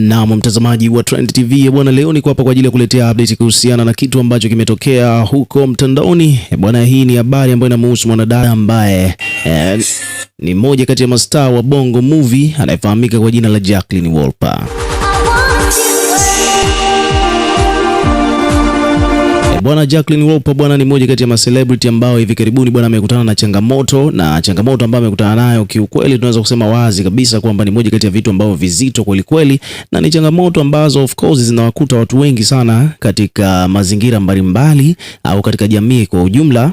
Naam, mtazamaji wa Trend TV bwana, leo niko hapa kwa ajili ya kuletea update kuhusiana na kitu ambacho kimetokea huko mtandaoni bwana. Hii ni habari ambayo inamhusu mwanadada ambaye eh, ni mmoja kati ya mastaa wa Bongo Movie anayefahamika kwa jina la Jacqueline Wolper. Bwana Jacqueline Wolper bwana ni mmoja kati ya macelebrity ambao hivi karibuni bwana amekutana na changamoto, na changamoto ambayo amekutana nayo kiukweli, tunaweza kusema wazi kabisa kwamba ni moja kati ya vitu ambavyo vizito kwelikweli, na ni changamoto ambazo of course zinawakuta watu wengi sana katika mazingira mbalimbali mbali, au katika jamii kwa ujumla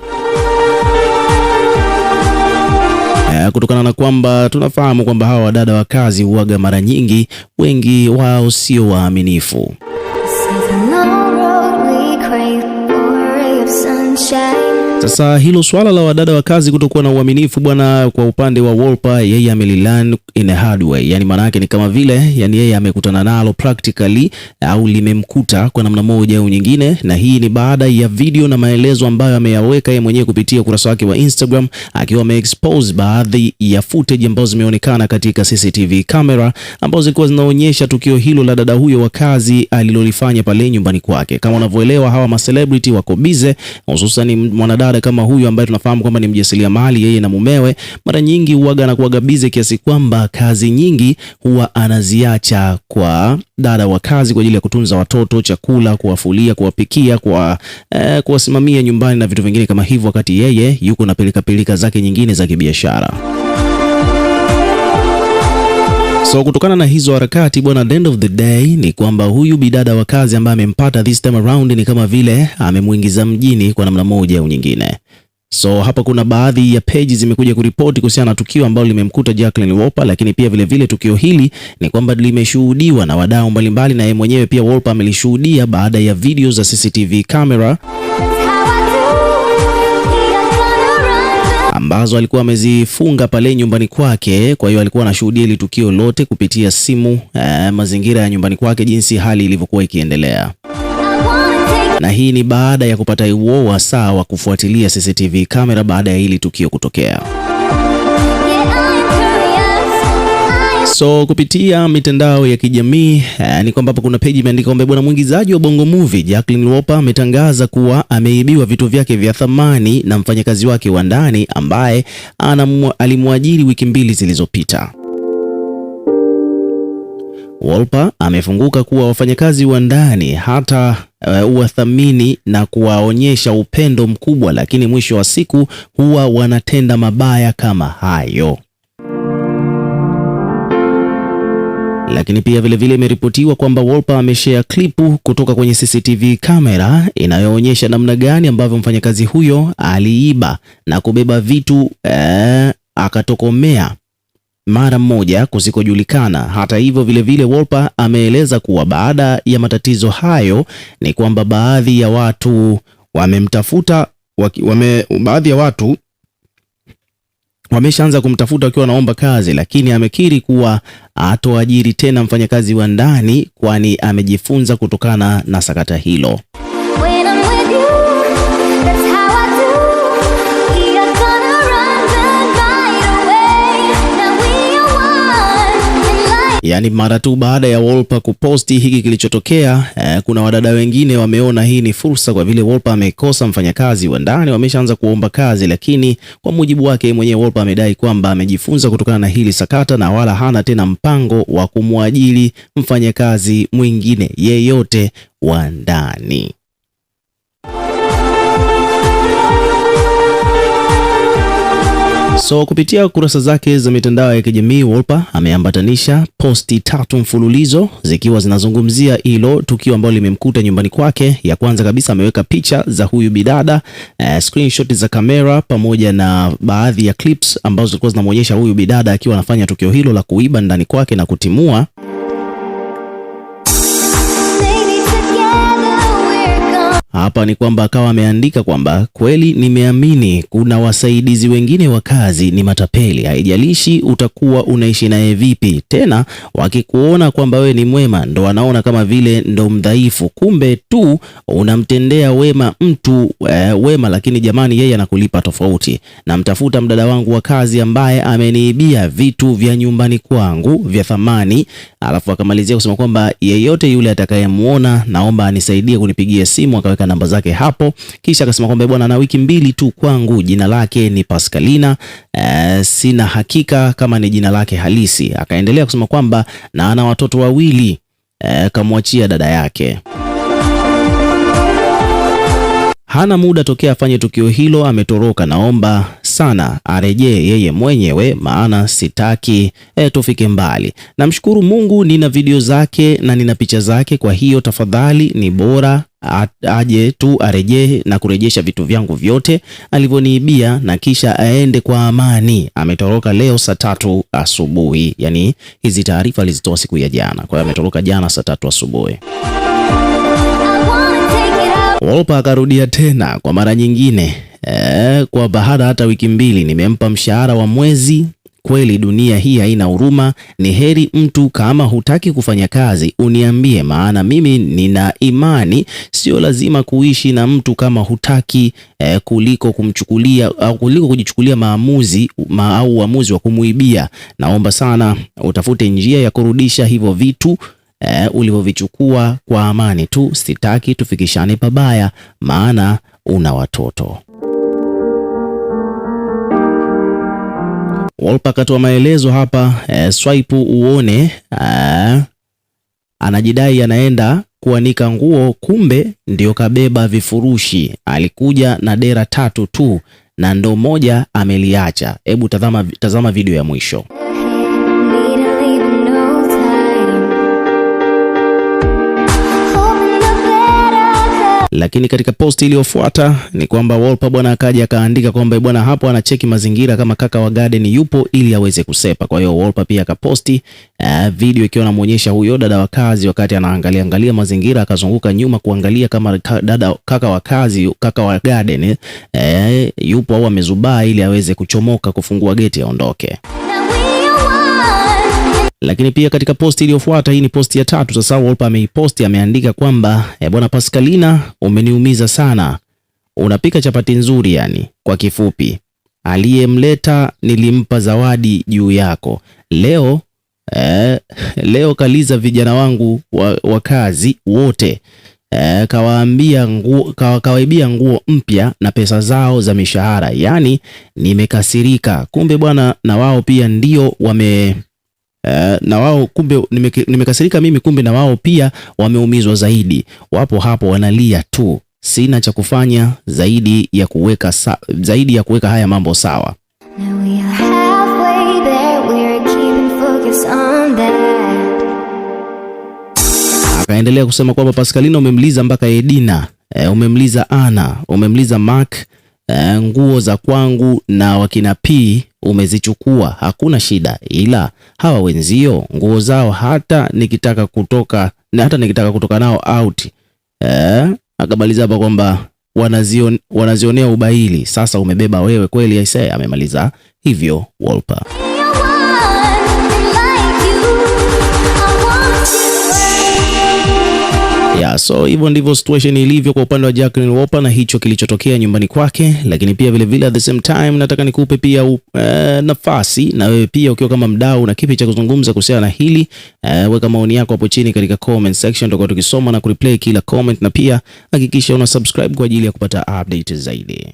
eh, kutokana na kwamba tunafahamu kwamba hawa wadada wa kazi huaga mara nyingi wengi wao sio waaminifu. Sasa hilo swala la wadada wa kazi kutokuwa na uaminifu bwana, kwa upande wa Wolper, yeye amelilan in a hard way, yani maana yake ni kama vile yani yeye amekutana nalo practically au limemkuta kwa namna moja au nyingine, na hii ni baada ya video na maelezo ambayo ameyaweka yeye mwenyewe kupitia ukurasa wake wa Instagram akiwa ameexpose baadhi ya footage ambazo zimeonekana katika CCTV camera ambazo zilikuwa zinaonyesha tukio hilo la dada huyo wa kazi alilolifanya pale nyumbani kwake. Kama unavyoelewa hawa ma celebrity wako bize, hususan mwanadada bwana kama huyu ambaye tunafahamu kwamba ni mjasiriamali, yeye na mumewe mara nyingi huaga na kuaga bize kiasi kwamba kazi nyingi huwa anaziacha kwa dada wa kazi kwa ajili ya kutunza watoto, chakula, kuwafulia, kuwapikia, kwa eh, kuwasimamia nyumbani na vitu vingine kama hivyo, wakati yeye yuko na pilikapilika zake nyingine za kibiashara. So kutokana na hizo harakati bwana, the end of the day ni kwamba huyu bidada wa kazi ambaye amempata this time around ni kama vile amemuingiza mjini kwa namna moja au nyingine. So hapa kuna baadhi ya peji zimekuja kuripoti kuhusiana na tukio ambalo limemkuta Jacqueline Wolper, lakini pia vilevile vile tukio hili ni kwamba limeshuhudiwa na wadau mbalimbali, na yeye mwenyewe pia Wolper amelishuhudia baada ya video za CCTV camera ambazo alikuwa amezifunga pale nyumbani kwake. Kwa hiyo alikuwa anashuhudia hili tukio lote kupitia simu, eh, mazingira ya nyumbani kwake, jinsi hali ilivyokuwa ikiendelea na hii ni baada ya kupata uo wasaa wa kufuatilia CCTV kamera baada ya hili tukio kutokea. So kupitia mitandao ya kijamii eh, ni kwamba hapa kuna page imeandika kwamba bwana mwigizaji wa Bongo Movie Jacqueline Wolper ametangaza kuwa ameibiwa vitu vyake vya thamani na mfanyakazi wake wa ndani ambaye alimwajiri wiki mbili zilizopita. Wolper amefunguka kuwa wafanyakazi wa ndani hata eh, uwathamini uh, na kuwaonyesha upendo mkubwa, lakini mwisho wa siku huwa wanatenda mabaya kama hayo. Lakini pia vilevile imeripotiwa kwamba Wolper ameshare klipu kutoka kwenye CCTV kamera inayoonyesha namna gani ambavyo mfanyakazi huyo aliiba na kubeba vitu ee, akatokomea mara mmoja kusikojulikana. Hata hivyo, vilevile Wolper ameeleza kuwa baada ya matatizo hayo ni kwamba baadhi ya watu wamemtafuta wame, baadhi ya watu wameshaanza kumtafuta wakiwa wanaomba kazi, lakini amekiri kuwa atoajiri tena mfanyakazi wa ndani, kwani amejifunza kutokana na sakata hilo. yani mara tu baada ya wolpa kuposti hiki kilichotokea, eh, kuna wadada wengine wameona hii ni fursa, kwa vile Wolpa amekosa mfanyakazi wa ndani, wameshaanza kuomba kazi. Lakini kwa mujibu wake mwenyewe Wolpa amedai kwamba amejifunza kutokana na hili sakata na wala hana tena mpango wa kumwajiri mfanyakazi mwingine yeyote wa ndani. So kupitia kurasa zake za mitandao ya kijamii Wolper ameambatanisha posti tatu mfululizo zikiwa zinazungumzia hilo tukio ambalo limemkuta nyumbani kwake. Ya kwanza kabisa ameweka picha za huyu bidada eh, screenshot za kamera pamoja na baadhi ya clips ambazo zilikuwa zinamwonyesha huyu bidada akiwa anafanya tukio hilo la kuiba ndani kwake na kutimua hapa ni kwamba akawa ameandika kwamba kweli nimeamini kuna wasaidizi wengine wa kazi ni matapeli, haijalishi utakuwa unaishi naye vipi. Tena wakikuona kwamba wewe ni mwema, ndo wanaona kama vile ndo mdhaifu, kumbe tu unamtendea wema mtu e, wema, lakini jamani, yeye anakulipa tofauti. Namtafuta mdada wangu wa kazi ambaye ameniibia vitu vya nyumbani kwangu vya thamani, alafu akamalizia kusema kwamba yeyote yule atakayemwona, naomba anisaidie kunipigia simu akawe akaweka namba zake hapo, kisha akasema kwamba bwana, na wiki mbili tu kwangu. Jina lake ni Pascalina e, eh, sina hakika kama ni jina lake halisi. Akaendelea kusema kwamba na ana watoto wawili e, eh, kamwachia dada yake hana muda tokea afanye tukio hilo, ametoroka. Naomba sana arejee yeye mwenyewe, maana sitaki e, tufike mbali. Namshukuru Mungu nina video zake na nina picha zake, kwa hiyo tafadhali ni bora aje tu arejee na kurejesha vitu vyangu vyote alivyoniibia na kisha aende kwa amani. Ametoroka leo saa tatu asubuhi, yani hizi taarifa alizitoa siku ya jana, kwa hiyo ametoroka jana saa tatu asubuhi. Wolper akarudia tena kwa mara nyingine e, kwa bahada hata wiki mbili nimempa mshahara wa mwezi. Kweli dunia hii haina huruma. Ni heri mtu kama hutaki kufanya kazi uniambie, maana mimi nina imani sio lazima kuishi na mtu kama hutaki eh, kuliko kumchukulia au kuliko kujichukulia maamuzi ma, au uamuzi wa kumuibia. Naomba sana utafute njia ya kurudisha hivyo vitu eh, ulivyovichukua kwa amani tu. Sitaki tufikishane pabaya, maana una watoto. Wolper akatoa maelezo hapa eh, swipe uone eh, anajidai anaenda kuanika nguo, kumbe ndio kabeba vifurushi. Alikuja na dera tatu tu na ndo moja ameliacha. Hebu tazama, tazama video ya mwisho. Lakini katika posti iliyofuata ni kwamba Wolper bwana akaja akaandika kwamba eh, bwana hapo anacheki mazingira kama kaka wa Garden yupo ili aweze kusepa. Kwa hiyo Wolper pia akaposti uh, video ikiwa anamuonyesha huyo dada wa kazi wakati anaangalia angalia mazingira, akazunguka nyuma kuangalia kama dada kaka wa kazi kaka wa Garden eh, yupo au amezubaa ili aweze kuchomoka kufungua geti aondoke. Lakini pia katika posti iliyofuata, hii ni posti ya tatu sasa, Wolper ameiposti, ameandika kwamba e, bwana Pascalina, umeniumiza sana, unapika chapati nzuri yani. Kwa kifupi, aliyemleta nilimpa zawadi juu yako leo. Eh, leo kaliza vijana wangu wa, wa kazi wote eh, kawaambia nguo, kawaibia nguo mpya na pesa zao za mishahara. yani nimekasirika, kumbe bwana na wao pia ndio wame Eh, na wao kumbe, nimekasirika mimi, kumbe na wao pia wameumizwa zaidi, wapo hapo wanalia tu. Sina cha kufanya zaidi ya kuweka zaidi ya kuweka haya mambo sawa. Akaendelea kusema kwamba Pascalina, umemliza mpaka Edina, eh, umemliza Ana, umemliza Mark, eh, nguo za kwangu na wakina P umezichukua, hakuna shida, ila hawa wenzio nguo zao hata nikitaka kutoka na hata nikitaka kutoka nao out eh. Akamaliza hapa kwamba wanazion, wanazionea ubaili. Sasa umebeba wewe kweli aisee, amemaliza hivyo Wolper. So hivyo ndivyo situation ilivyo kwa upande wa Jacqueline Wolper na hicho kilichotokea nyumbani kwake, lakini pia vile vile at the same time nataka nikupe pia uh, nafasi na wewe pia ukiwa kama mdau na kipi cha kuzungumza kuhusiana na hili uh, weka maoni yako hapo chini katika comment section, tutakuwa tukisoma na kureplay kila comment, na pia hakikisha una subscribe kwa ajili ya kupata update zaidi.